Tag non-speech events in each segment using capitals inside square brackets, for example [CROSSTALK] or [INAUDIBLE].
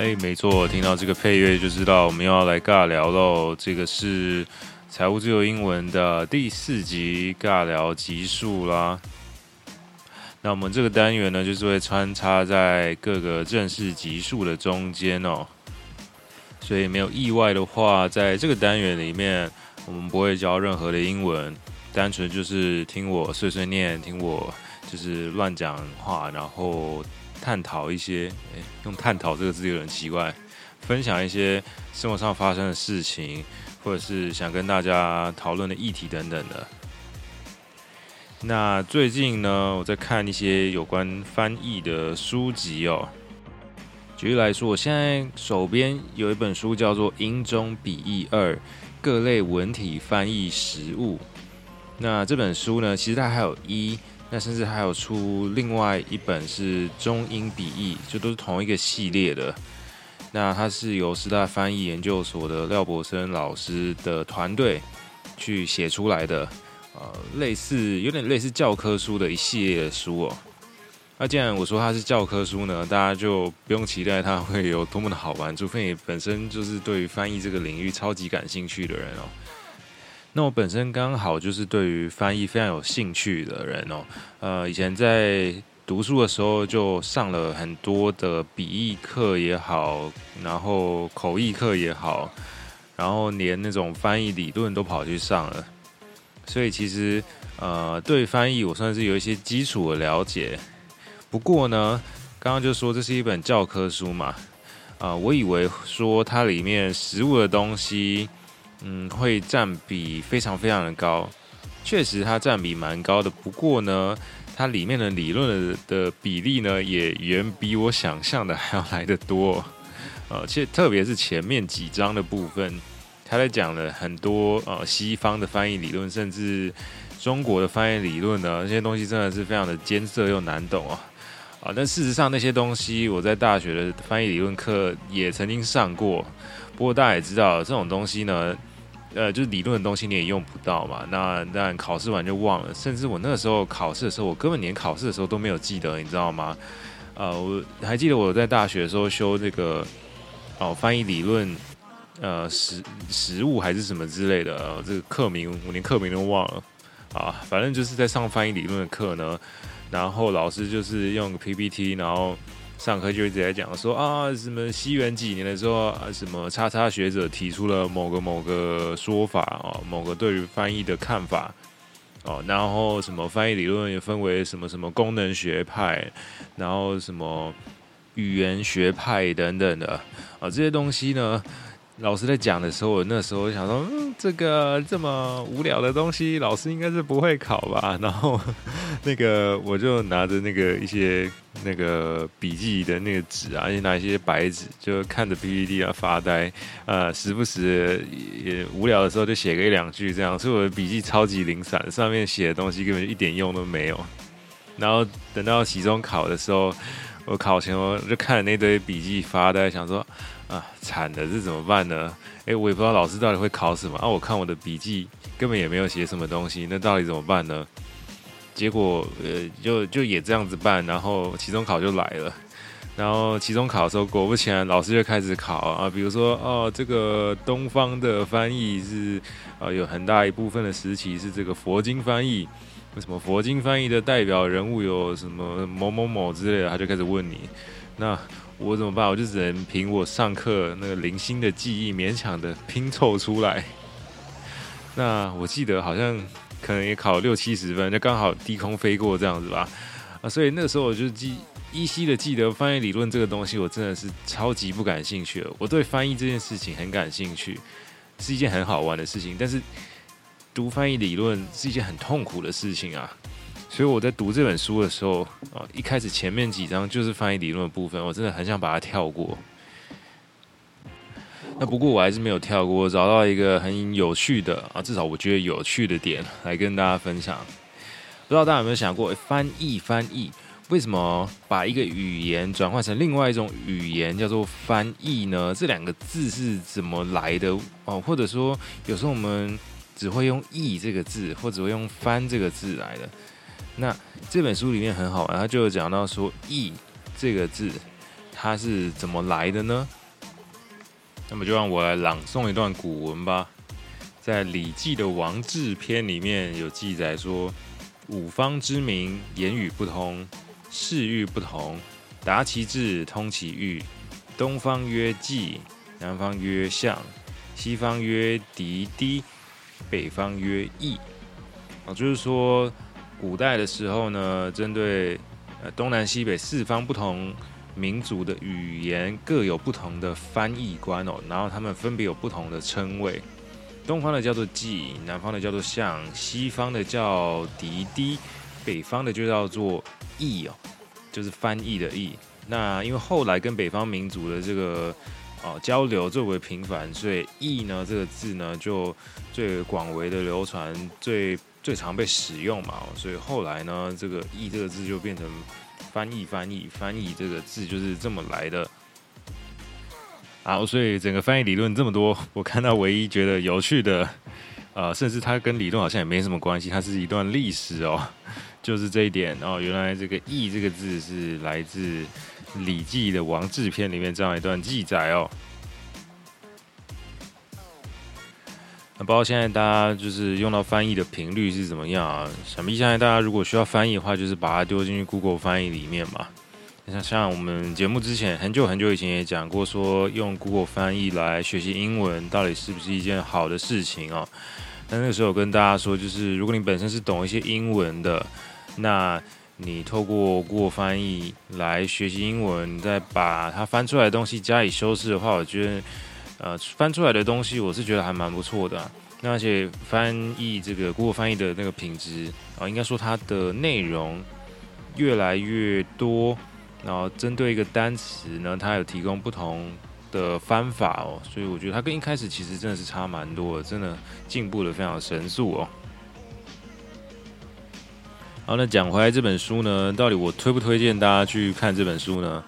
哎，沒錯，聽到這個配樂就知道我們要來尬聊嘍。這個是《財務自由英文》的第四集尬聊集數啦。那我們這個單元呢，就是會穿插在各個正式集數的中間哦。所以沒有意外的話，在這個單元裡面，我們不會教任何的英文，單純就是聽我碎碎念，聽我就是亂講話，然後，探討一些，欸，用“探討”這個字有點奇怪。分享一些生活上發生的事情，或者是想跟大家討論的議題等等的。那最近呢，我在看一些有關翻譯的書籍哦、喔。舉例來說，我現在手邊有一本書叫做《英中筆譯二：各類文體翻譯實務》。那這本書呢，其實它還有一、e,。那甚至還有出另外一本是中英筆譯，就都是同一個系列的。那它是由師大翻譯研究所的廖柏森老師的團隊去寫出來的，呃，類似有點類似教科書的一系列的書哦、喔。那既然我說它是教科書呢，大家就不用期待它會有多麼的好玩，除非你本身就是對於翻譯這個領域超級感興趣的人哦、喔。那我本身剛好就是對於翻譯非常有興趣的人哦、喔，呃，以前在讀書的時候就上了很多的筆譯課也好，然後口譯課也好，然後連那種翻譯理論都跑去上了，所以其實呃對翻譯我算是有一些基礎的了解。不過呢，剛剛就說這是一本教科書嘛，啊、呃，我以為說它裡面實物的東西。嗯，會佔比非常非常的高，確實它佔比蠻高的。不過呢，它裡面的理論的比例呢，也遠比我想象的還要來得多。呃，其實特別是前面幾章的部分，他在講了很多呃西方的翻譯理論，甚至中國的翻譯理論呢，那些東西真的是非常的艱澀又難懂啊。啊，但事實上那些東西我在大學的翻譯理論課也曾經上過。不過大家也知道，這種東西呢。呃，就是理論的東西你也用不到嘛，那但考試完就忘了，甚至我那個時候考試的時候，我根本連考試的時候都沒有記得，你知道嗎？呃，我還記得我在大學的時候修這個哦翻譯理論，呃實實務還是什麼之類的，呃，這個課名我連課名都忘了啊，反正就是在上翻譯理論的課呢，然後老師就是用 PPT，然後。上課就一直在講說啊，什麼西元幾年的時候啊，什麼叉叉學者提出了某個某個說法啊，某個對於翻譯的看法啊，然後什麼翻譯理論也分為什麼什麼功能學派，然後什麼語言學派等等的啊，這些東西呢，老師在講的時候，我那時候想說，嗯，這個這麼無聊的東西，老師應該是不會考吧？然後，那個我就拿着那個一些那個筆記的那個紙啊，一拿一些白紙，就看着 PPT 啊發呆，呃，時不時也無聊的時候就寫個一兩句這樣，所以我的筆記超級零散，上面寫的東西根本就一點用都沒有。然後等到期中考的時候。我考前我就看了那堆筆記發呆，想說啊慘了，這怎麼辦呢？誒、欸，我也不知道老師到底會考什麼啊！我看我的筆記根本也沒有寫什麼東西，那到底怎麼辦呢？結果呃就就也這樣子辦，然後期中考就來了。然後期中考的時候，果不其然，老師就開始考啊，比如說哦、啊、這個東方的翻譯是啊有很大一部分的時期是這個佛經翻譯，為什麼佛經翻譯的代表人物有什麼某某某之類的？他就開始問你，那我怎麼辦？我就只能憑我上課那個零星的記憶，勉強的拼湊出來。那我記得好像可能也考六七十分，就剛好低空飛過這樣子吧。啊，所以那時候我就記依稀的記得翻譯理論這個東西，我真的是超級不感興趣了。我對翻譯這件事情很感興趣，是一件很好玩的事情，但是。讀翻譯理論是一件很痛苦的事情啊，所以我在讀這本書的時候，一開始前面幾章就是翻譯理論的部分，我真的很想把它跳過。那不過我還是沒有跳過，找到一個很有趣的啊，至少我覺得有趣的點來跟大家分享。不知道大家有沒有想過，翻譯翻譯，為什麼把一個語言轉換成另外一種語言叫做翻譯呢？這兩個字是怎麼來的哦？或者說，有時候我們，只會用“譯”這個字，或只會用“翻”這個字來的。那這本書裡面很好玩，它就講到說“譯”這個字它是怎麼來的呢？那麼就讓我來朗誦一段古文吧。在《禮記》的王制篇裡面有記載說：“五方之民，言語不通，嗜欲不同，達其志，通其欲。東方曰寄，南方曰象，西方曰狄鞮。”北方曰譯啊，就是說，古代的時候呢，針對呃東南西北四方不同民族的語言，各有不同的翻譯官哦，然後他們分別有不同的稱謂，東方的叫做寄，南方的叫做象，西方的叫狄鞮，北方的就叫做譯哦，就是翻譯的譯。那因為後來跟北方民族的這個。啊、哦，交流最為頻繁，所以意呢“譯”呢這個字呢就最廣為的流傳，最最常被使用嘛。所以後來呢，這個“譯”這個字就變成翻譯，翻譯，翻譯這個字就是這麼來的。好，所以整個翻譯理論這麼多，我看到唯一覺得有趣的，啊、呃，甚至它跟理論好像也沒什麼關係，它是一段歷史哦，就是這一點哦。原來這個“譯”這個字是來自。《禮記》的王制篇裡面這樣一段記載哦、喔。那包括現在大家就是用到翻譯的頻率是怎麼樣啊？想必現在大家如果需要翻譯的話，就是把它丟進去 Google 翻譯裡面嘛。像像我們節目之前很久很久以前也講過，說用 Google 翻譯來學習英文，到底是不是一件好的事情哦、啊？那那個時候我跟大家說，就是如果你本身是懂一些英文的，那你透過 Google 翻譯來學習英文，再把它翻出來的東西加以修飾的話，我覺得，呃，翻出來的東西我是覺得還蠻不錯的、啊。那而且翻譯這個 Google 翻譯的那個品質啊、呃，應該說它的內容越來越多，然後針對一個單詞呢，它有提供不同的方法哦，所以我覺得它跟一開始其實真的是差蠻多的，真的進步的非常的神速哦。好，那講回來這本書呢，到底我推不推薦大家去看這本書呢？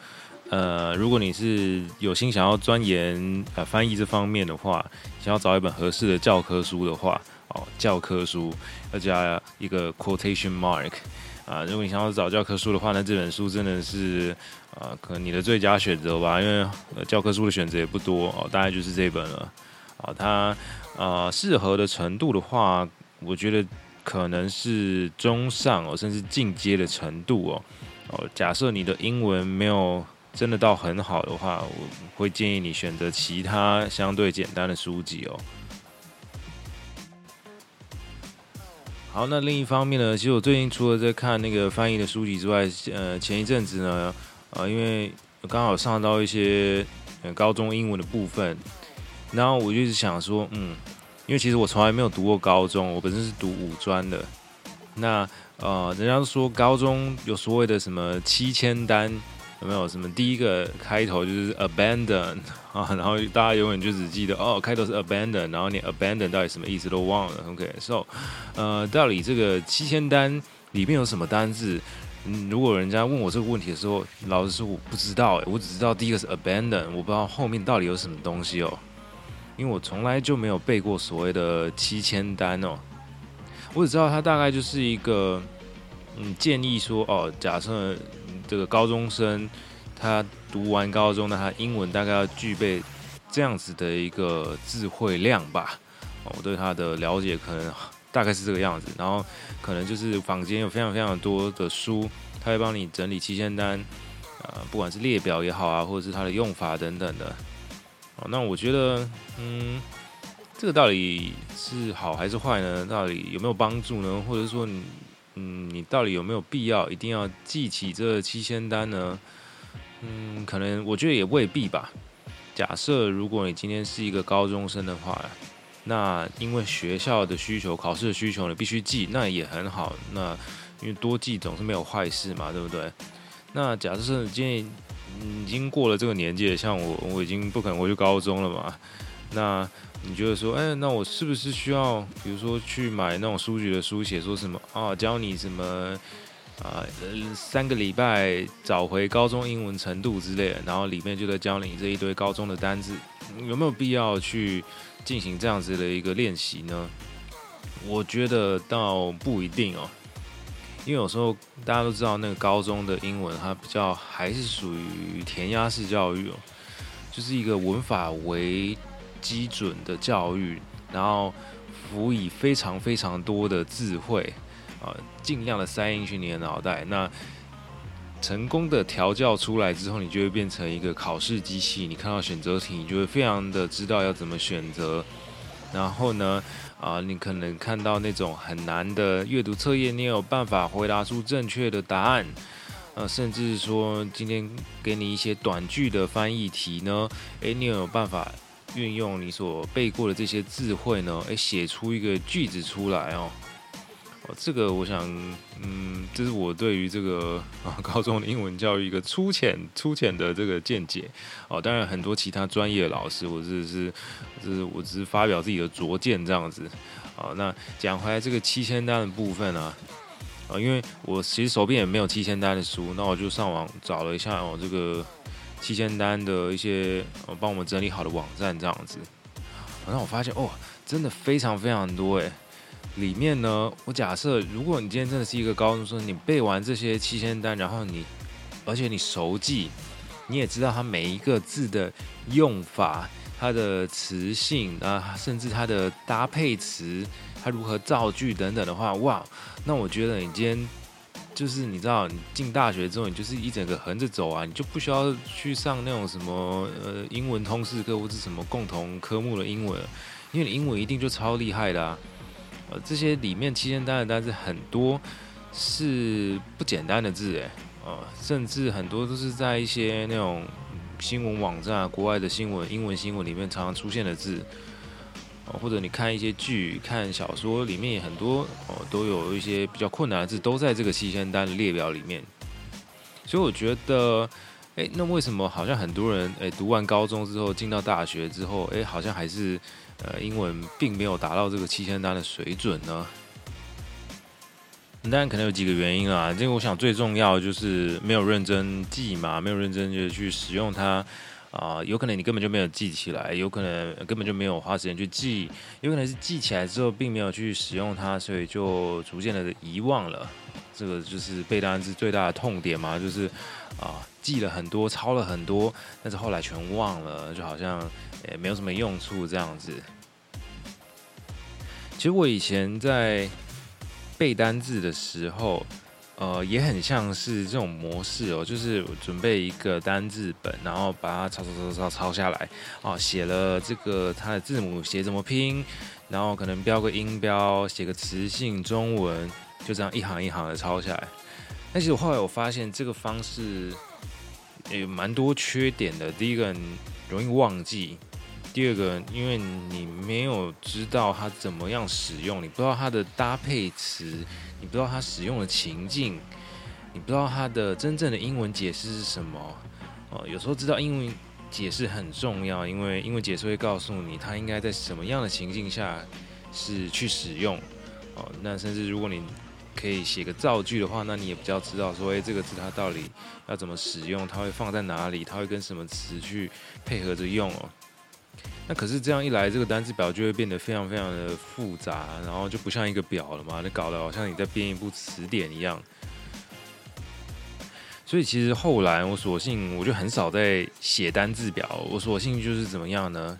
呃，如果你是有心想要鑽研呃，翻譯這方面的話，想要找一本合適的教科書的話，哦，教科書，要加一個 quotation mark，啊、呃，如果你想要找教科書的話，那這本書真的是、呃、可能你的最佳選擇吧，因為、呃、教科書的選擇也不多哦，大概就是這本了。哦、它、呃、適合的程度的話，我覺得。可能是中上哦，甚至進階的程度哦。哦，假設你的英文沒有真的到很好的話，我會建議你選擇其他相對簡單的書籍哦。好，那另一方面呢，其實我最近除了在看那個翻譯的書籍之外，呃，前一陣子呢，因為剛好上到一些高中英文的部分，然後我就是想說，嗯。因為其實我從來沒有讀過高中，我本身是讀五專的。那呃，人家說高中有所謂的什麼七千單，有沒有什麼第一個開頭就是 abandon 啊？然後大家永遠就只記得哦，開頭是 abandon，然後連 abandon 到底什麼意思都忘了。OK，so，okay，呃，到底這個七千單裡面有什麼單字，嗯？如果人家問我這個問題的時候，老實說我不知道，我只知道第一個是 abandon，我不知道後面到底有什麼東西哦。因為我從來就沒有背過所謂的七千單哦、喔，我只知道他大概就是一個，嗯，建議說哦、喔，假設這個高中生他讀完高中，那他英文大概要具備這樣子的一個詞彙量吧。我對他的了解可能大概是這個樣子，然後可能就是坊間有非常非常多的書，他會幫你整理七千單，啊、呃，不管是列表也好啊，或者是它的用法等等的。那我覺得，嗯，這個到底是好還是壞呢？到底有沒有幫助呢？或者說，你，嗯，你到底有沒有必要一定要記起這七千單呢？嗯，可能我覺得也未必吧。假設如果你今天是一個高中生的話，那因為學校的需求、考試的需求，你必須記，那也很好。那因為多記總是沒有壞事嘛，對不對？那假設你今天已經過了這個年紀，像我，我已經不可能回去高中了嘛。那你覺得說，哎，那我是不是需要，比如說去買那種書籍的書寫，說什麼啊，教你什麼啊，呃，三個禮拜找回高中英文程度之類的，然後裡面就在教你這一堆高中的單字，有沒有必要去進行這樣子的一個練習呢？我覺得倒不一定哦。因為有時候大家都知道，那個高中的英文它，比較還是屬於填鴨式教育哦、喔，就是一個文法為基準的教育，然後輔以非常非常多的字彙，啊，盡量的塞進去你的腦袋。那成功的調教出來之後，你就會變成一個考試機器，你看到選擇題你就會非常的知道要怎麼選擇。然後呢，啊，你可能看到那種很難的閱讀測驗，你也有辦法回答出正確的答案。呃、啊，甚至說今天給你一些短句的翻譯題呢，誒、欸，你有辦法運用你所背過的這些詞彙，呢，誒、欸，寫出一個句子出來哦、喔。哦，這個我想，嗯，這是我對於這個啊高中的英文教育一個粗淺、粗淺的這個見解。哦、啊，當然很多其他專業的老師，我只是，是我只是發表自己的拙見這樣子。啊，那講回來這個七千單的部分呢、啊，啊，因為我其實手邊也沒有七千單的書，那我就上網找了一下，我、啊、這個七千單的一些、啊、幫我們整理好的網站這樣子。好、啊、像我發現，哦，真的非常非常多哎、欸。裡面呢，我假設如果你今天真的是一個高中生，你背完這些七千單，然後你而且你熟記，你也知道它每一個字的用法、它的詞性啊，甚至它的搭配詞、它如何造句等等的話，哇，那我覺得你今天就是你知道你進大學之後，你就是一整個橫着走啊，你就不需要去上那種什麼呃英文通識課或者什麼共同科目的英文，因為你英文一定就超厲害的啊。這些裡面七千單的單字，很多是不簡單的字，哎，甚至很多都是在一些那種新聞網站、國外的新聞、英文新聞裡面常常出現的字，哦，或者你看一些劇、看小說裡面也很多哦，都有一些比較困難的字，都在這個七千單的列表裡面。所以我覺得，欸，那為什麼好像很多人，欸，讀完高中之後進到大學之後，欸，好像還是呃，英文並沒有達到這個七千單的水準呢，當然可能有幾個原因啊。這個我想最重要就是沒有認真記嘛，沒有認真就是去使用它。啊、呃，有可能你根本就沒有記起來，有可能根本就沒有花時間去記，有可能是記起來之後並沒有去使用它，所以就逐漸的遺忘了。這個就是背單字最大的痛點嘛，就是啊、呃，記了很多，抄了很多，但是後來全忘了，就好像也、欸、沒有什麼用處這樣子。其實我以前在背單字的時候。呃，也很像是這種模式哦、喔，就是準備一個單字本，然後把它抄抄抄抄抄下來，哦、喔，寫了這個它的字母寫怎麼拼，然後可能標個音標，寫個詞性，中文就這樣一行一行的抄下來。但是我後來我發現這個方式有蠻多缺點的，第一個人容易忘記。第二個，因為你沒有知道它怎麼樣使用，你不知道它的搭配詞，你不知道它使用的情境，你不知道它的真正的英文解釋是什麼。哦，有時候知道英文解釋很重要，因為英文解釋會告訴你它應該在什麼樣的情境下是去使用。哦，那甚至如果你可以寫個造句的話，那你也比較知道說，誒、欸，這個字它到底要怎麼使用，它會放在哪裡，它會跟什麼詞去配合着用哦。那可是這樣一來這個單字表就會變得非常非常的複雜，然後就不像一個表了嘛，你搞得好像你在編一部詞典一樣。所以其實後來我索性我就很少在寫單字表，我索性就是怎麼樣呢？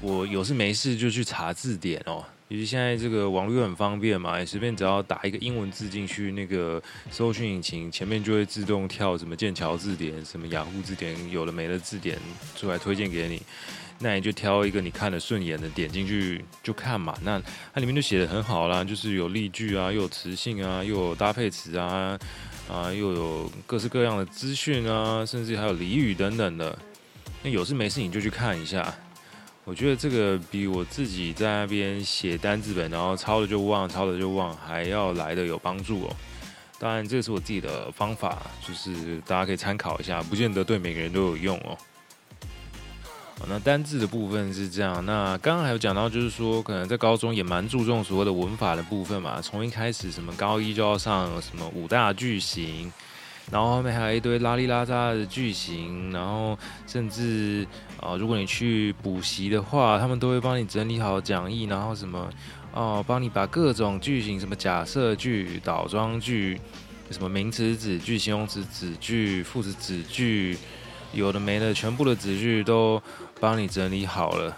我有事沒事就去查字典哦、喔，因為現在這個網絡又很方便嘛，你隨、欸、便只要打一個英文字進去，那個搜尋引擎前面就會自動跳什麼劍橋字典、什麼雅虎、ah、字典，有的沒的字典出來推薦給你。那你就挑一個你看得順眼的，點進去就看嘛。那它裡面就寫得很好啦，就是有例句啊，又有詞性啊，又有搭配詞啊，啊，又有各式各樣的資訊啊，甚至還有俚語等等的。那有事沒事你就去看一下。我覺得這個比我自己在那邊寫單字本，然後抄了就忘，抄了就忘，還要來的有幫助哦。當然，這是我自己的方法，就是大家可以參考一下，不見得對每個人都有用哦。那單字的部分是這樣，那剛剛還有講到，就是說可能在高中也蠻注重所謂的文法的部分嘛，從一開始什麼高一就要上什麼五大句型，然後後面還有一堆拉里拉雜的句型，然後甚至啊、呃，如果你去補習的話，他們都會幫你整理好講義，然後什麼哦、呃，幫你把各種句型，什麼假設句、倒裝句，什麼名詞子句、形容詞子句、副詞子句。劇有的沒的，全部的子句都幫你整理好了。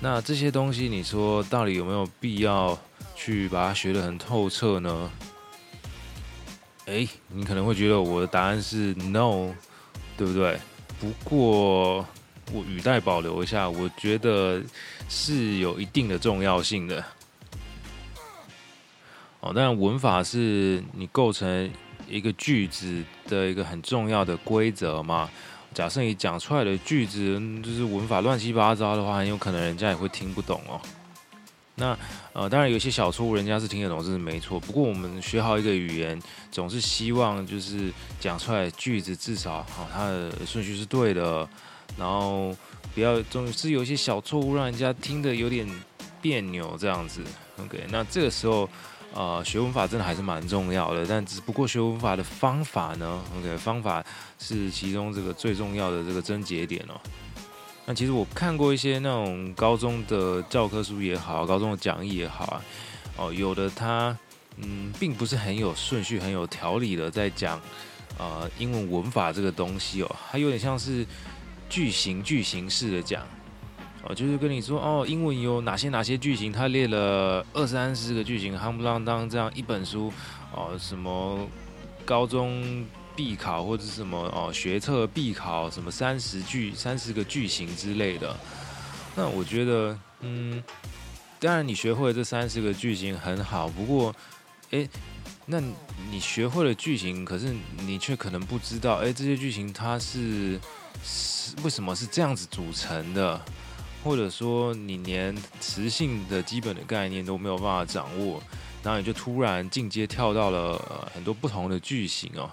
那這些東西，你說到底有沒有必要去把它學得很透徹呢？哎、欸，你可能會覺得我的答案是 no，對不對？不過我語帶保留一下，我覺得是有一定的重要性的。哦，但文法是你構成一個句子的一個很重要的規則嘛。假設你講出來的句子就是文法亂七八糟的話，很有可能人家也會聽不懂哦。那呃，當然有些小錯誤人家是聽得懂，這是沒錯。不過我們學好一個語言，總是希望就是講出來的句子至少好，哦，它的順序是對的，然後不要總是有一些小錯誤讓人家聽得有點彆扭這樣子。OK，那這個時候。呃，學文法真的還是蠻重要的，但只不過學文法的方法呢？OK，方法是其中這個最重要的這個癥結點哦、喔。那其實我看過一些那種高中的教科書也好，高中的講義也好啊，哦、呃，有的他嗯，並不是很有順序、很有條理的在講呃英文文法這個東西哦、喔，它有點像是句型句型式的講。哦，就是跟你說哦，英文有哪些哪些句型。他列了二三十個句型，夯不啷當這樣一本書哦，什麼高中必考或者什麼哦學測必考，什麼三十句三十個句型之類的。那我覺得，嗯，當然你學會了這三十個句型很好，不過，哎、欸，那你學會了句型，可是你卻可能不知道，哎、欸，這些句型它是是為什麼是這樣子組成的？或者說你連詞性的基本的概念都沒有辦法掌握，然後你就突然進階跳到了、呃、很多不同的句型哦，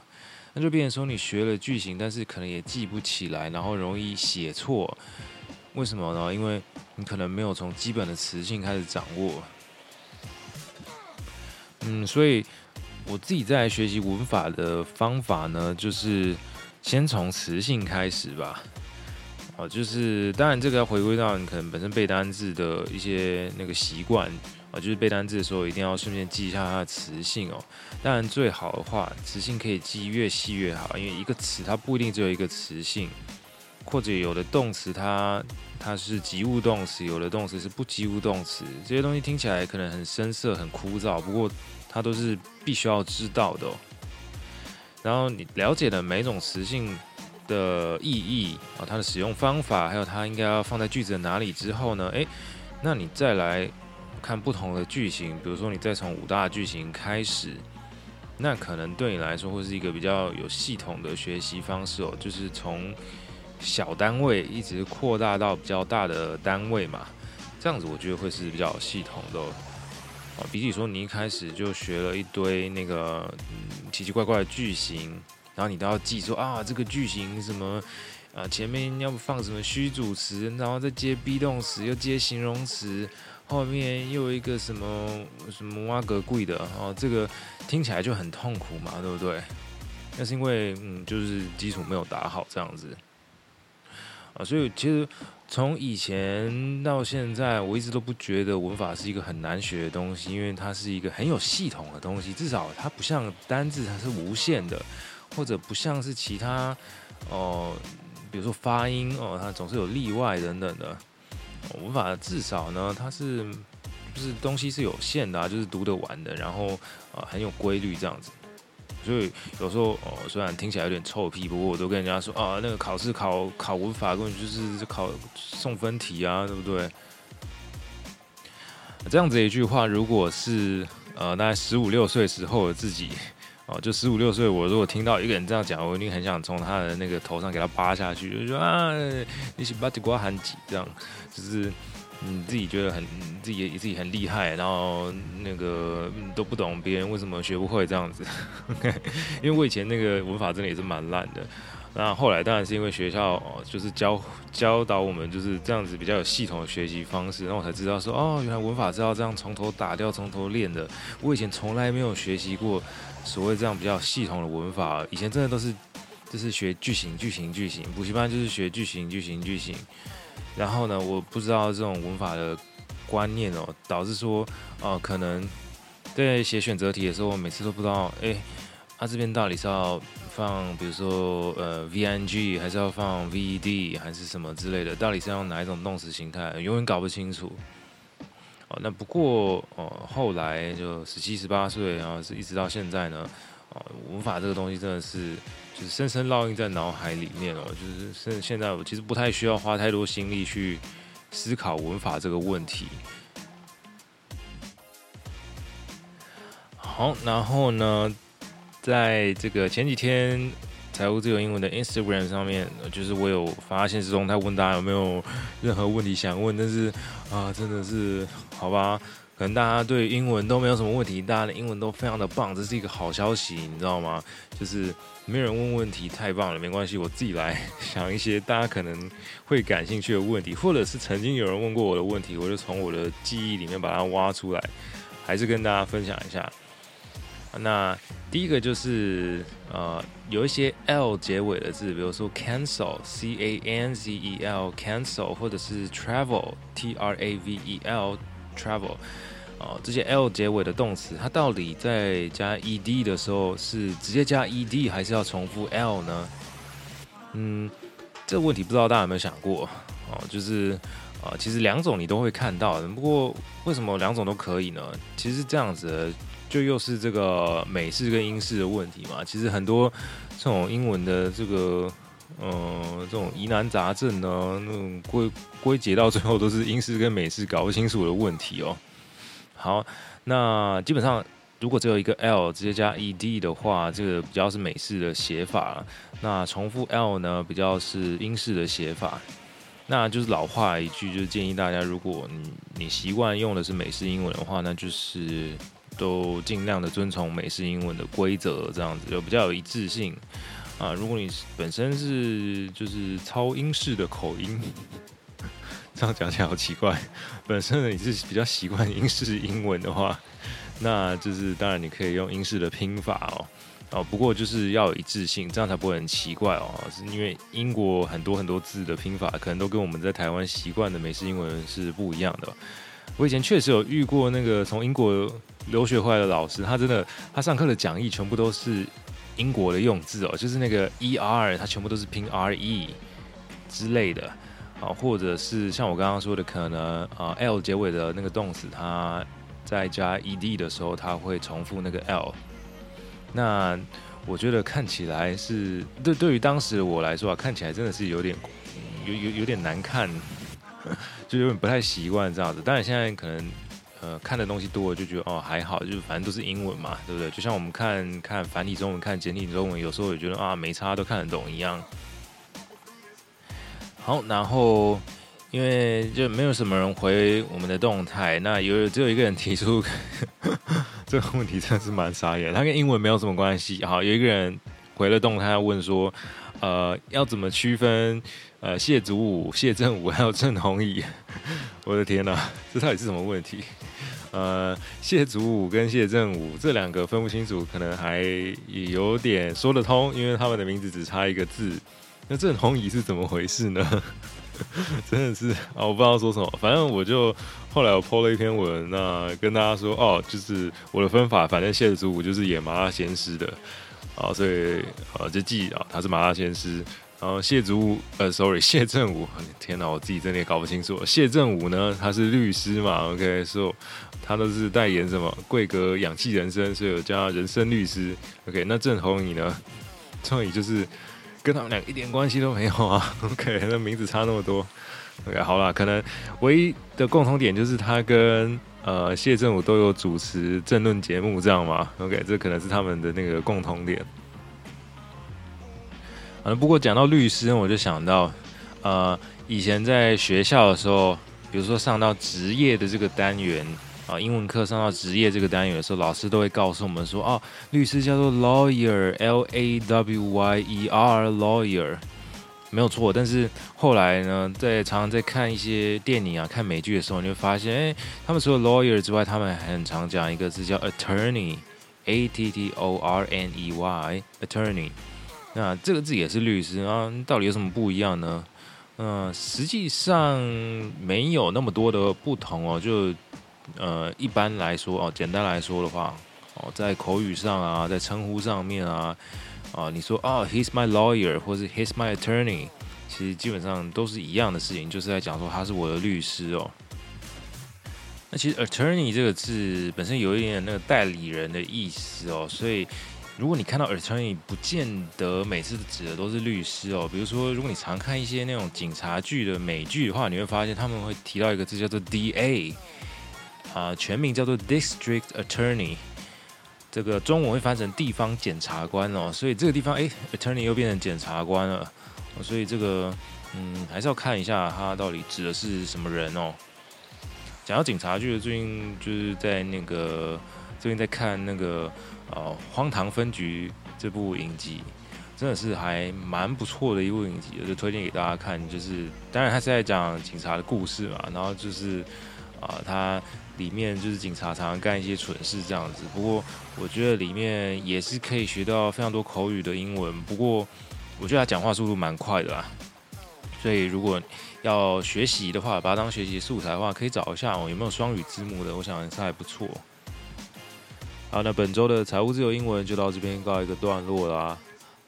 那就變成說你學了句型，但是可能也記不起來，然後容易寫錯。為什麼呢？因為你可能沒有從基本的詞性開始掌握。嗯，所以我自己在學習文法的方法呢，就是先從詞性開始吧。哦，就是當然這個要回歸到你可能本身背單字的一些那個習慣啊，就是背單字的時候一定要順便記一下它的詞性哦。當然最好的話，詞性可以記越細越好，因為一個詞它不一定只有一個詞性，或者有的動詞它它是及物動詞，有的動詞是不及物動詞，這些東西聽起來可能很生澀、很枯燥，不過它都是必須要知道的。哦，然後你了解、的每一種詞性。的意義啊，它的使用方法，還有它應該要放在句子的哪裡之後呢？誒、欸，那你再來看不同的句型，比如說你再從五大句型開始，那可能對你來說會是一個比較有系統的學習方式哦、喔，就是從小單位一直擴大到比較大的單位嘛，這樣子我覺得會是比較系統的哦、喔，比起說你一開始就學了一堆那個、嗯、奇奇怪怪的句型。然後你都要記住啊，這個句型什麼啊，前面要放什麼虛主詞，然後再接 be 動詞，又接形容詞，後面又有一個什麼什麼挖格貴的，啊，這個聽起來就很痛苦嘛，對不對？那是因為嗯，就是基礎沒有打好這樣子啊，所以其實從以前到現在，我一直都不覺得文法是一個很難學的東西，因為它是一個很有系統的東西，至少它不像單字，它是無限的。或者不像是其他，哦、呃，比如說發音哦、呃，它總是有例外等等的。文、哦、法至少呢，它是不、就是東西是有限的、啊，就是讀得完的，然後呃很有規律這樣子。所以有時候哦、呃，雖然聽起來有點臭屁，不過我都跟人家說啊、呃，那個考試考考文法，根本就是考送分題啊，對不對？這樣子一句話，如果是呃，大概十五六歲時候的自己。就十五六歲，我如果聽到一個人這樣講，我一定很想從他的那個頭上給他扒下去，就說啊，你是把地瓜喊擠，這樣，就是你、嗯、自己覺得很自己自己很厲害，然後那個、嗯、都不懂別人為什麼學不會這樣子。呵呵，因為我以前那個文法真的也是蠻爛的。那後來當然是因為學校就是教教導我們就是這樣子比較有系統的學習方式，然後我才知道說哦，原來文法是要這樣從頭打掉，從頭練的。我以前從來沒有學習過。所謂這樣比較系統的文法，以前真的都是就是學句型句型句型，補習班就是學句型句型句型。然後呢，我不知道這種文法的觀念哦，導致說，哦、呃，可能對寫選擇題的時候，我每次都不知道，哎，他、啊、這邊到底是要放比如說呃 VNG 還是要放 VED 還是什麼之類的，到底是要用哪一種動詞形態，永遠搞不清楚。啊、那不過呃後來就十七、十八歲，然後是一直到現在呢，哦、啊，文法這個東西真的是就是深深烙印在腦海裡面哦，就是甚至現在我其實不太需要花太多心力去思考文法這個問題。好，然後呢，在這個前幾天，財務自由英文的 Instagram 上面，就是我有發限時動態，他問大家有沒有任何問題想問，但是啊，真的是。好吧，可能大家對英文都沒有什麼問題，大家的英文都非常的棒，這是一個好消息，你知道嗎？就是沒人問問題，太棒了。沒關係，我自己來想一些大家可能會感興趣的問題，或者是曾經有人問過我的問題，我就從我的記憶裡面把它挖出來，還是跟大家分享一下。那第一個就是呃，有一些 L 結尾的字，比如說 cancel（c a n z e l）、cancel，或者是 travel（t r a v e l）。Travel，哦，這些 l 結尾的動詞，它到底在加 e d 的時候是直接加 e d 還是要重複 l 呢？嗯，這個問題不知道大家有沒有想過哦，就是啊，其實兩種你都會看到的。不過為什麼兩種都可以呢？其實這樣子就又是這個美式跟英式的問題嘛。其實很多這種英文的這個。嗯、呃，這種疑難雜症呢，那種歸歸結到最後都是英式跟美式搞不清楚的問題哦、喔。好，那基本上如果只有一個 L 直接加 E D 的話，這個比較是美式的寫法。那重複 L 呢，比較是英式的寫法。那就是老話一句，就是建議大家，如果你你習慣用的是美式英文的話，那就是都盡量的遵從美式英文的規則，這樣子就比較有一致性。啊，如果你是本身是就是超英式的口音，這樣講起來好奇怪。本身你是比較習慣英式英文的話，那就是當然你可以用英式的拼法哦。哦、啊，不過就是要有一致性，這樣才不會很奇怪哦。是因為英國很多很多字的拼法可能都跟我們在台灣習慣的美式英文是不一樣的吧。我以前確實有遇過那個從英國留學回來的老師，他真的他上課的講義全部都是。英國的用字哦、喔，就是那個 e r，它全部都是拼 r e，之類的，啊，或者是像我剛剛說的，可能啊 l 結尾的那個動詞，它再加 e d 的時候，它會重複那個 l。那我覺得看起來是，對對於當時的我來說啊，看起來真的是有點，嗯、有有有點難看， [LAUGHS] 就有點不太習慣這樣子。當然現在可能。呃，看的東西多，就覺得哦，還好，就是反正都是英文嘛，對不對？就像我們看看繁體中文，看簡體中文，有時候也覺得啊，沒差，都看得懂一樣。好，然後因為就沒有什麼人回我們的動態，那有只有一個人提出個 [LAUGHS] 這個問題，真的是蠻傻眼的。他跟英文沒有什麼關係。好，有一個人回了動態，問說。呃，要怎麼區分？呃，謝祖武、謝震武還有鄭弘儀， [LAUGHS] 我的天哪，啊，這到底是什麼問題？呃，謝祖武跟謝震武這兩個分不清楚，可能還也有點說得通，因為他們的名字只差一個字。那鄭弘儀是怎麼回事呢？ [LAUGHS] 真的是啊，我不知道說什麼，反正我就後來我 po 了一篇文，啊，跟大家說哦，就是我的分法，反正謝祖武就是演麻辣鮮師的。啊，所以呃，這季啊，他是麻辣鮮師，然後謝祖武，呃，sorry，謝震武，天吶，我自己真的也搞不清楚。謝震武呢，他是律師嘛，OK，so，、okay, 他都是代言什麼貴格養氣人蔘，所以我叫他人蔘律師。OK，那鄭弘儀呢？鄭弘儀就是跟他們倆一點關係都沒有啊，OK，那名字差那麼多，OK，好了，可能唯一的共同點就是他跟。呃，謝震武都有主持政論節目，這樣嗎？OK，這可能是他們的那個共同點。嗯，不過講到律師，我就想到，呃，以前在學校的時候，比如說上到職業的這個單元啊，英文課上到職業這個單元的時候，老師都會告訴我們說，哦，律師叫做 lawyer，L-A-W-Y-E-R lawyer。沒有錯，但是後來呢，在常常在看一些電影啊、看美劇的時候，你就發現，哎，他們除了 lawyer 之外，他們還很常講一個字叫 attorney，A T T O R N E Y，attorney。那這個字也是律師啊，到底有什麼不一樣呢？嗯、呃，實際上沒有那麼多的不同哦，就呃，一般來說哦，簡單來說的話哦，在口語上啊，在稱呼上面啊。啊，你說啊，he's my lawyer，或是 he's my attorney，其實基本上都是一樣的事情，就是在講說他是我的律師哦。那其實 attorney 這個字本身有一點點那個代理人的意思哦，所以如果你看到 attorney，不見得每次指的都是律師哦。比如說，如果你常看一些那種警察劇的美劇的話，你會發現他們會提到一個字叫做 DA，啊，全名叫做 District Attorney。這個中文會翻成地方檢察官哦，所以這個地方哎，attorney、e、又變成檢察官了，所以這個嗯，還是要看一下他到底指的是什麼人哦。講到警察劇最近就是在那個最近在看那個呃《荒唐分局》這部影集，真的是還蠻不錯的一部影集，我就推薦給大家看。就是當然他是在講警察的故事嘛，然後就是啊、呃，他。裡面就是警察常常幹一些蠢事這樣子，不過我覺得裡面也是可以學到非常多口語的英文。不過我覺得他講話速度蠻快的啊，所以如果要學習的話，把它當學習素材的話，可以找一下哦，有沒有雙語字幕的？我想是還不錯。好，那本周的財務自由英文就到這邊告一個段落啦。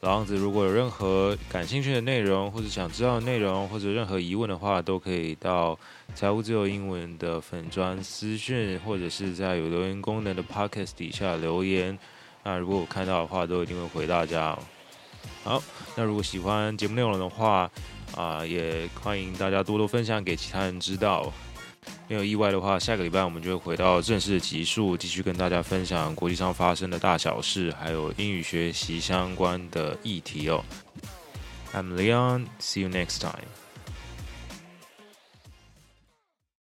老樣子，如果有任何感興趣的內容，或者想知道的內容，或者任何疑問的話，都可以到《財務自由英文》的粉專私訊，或者是在有留言功能的 Podcast 底下留言。那如果我看到的話，都一定會回大家。好，那如果喜歡節目內容的話，啊，也歡迎大家多多分享給其他人知道。沒有意外的話，下個禮拜我們就會回到正式的集數，繼續跟大家分享國際上發生的大小事，還有英語學習相關的議題哦。I'm Leon，see you next time.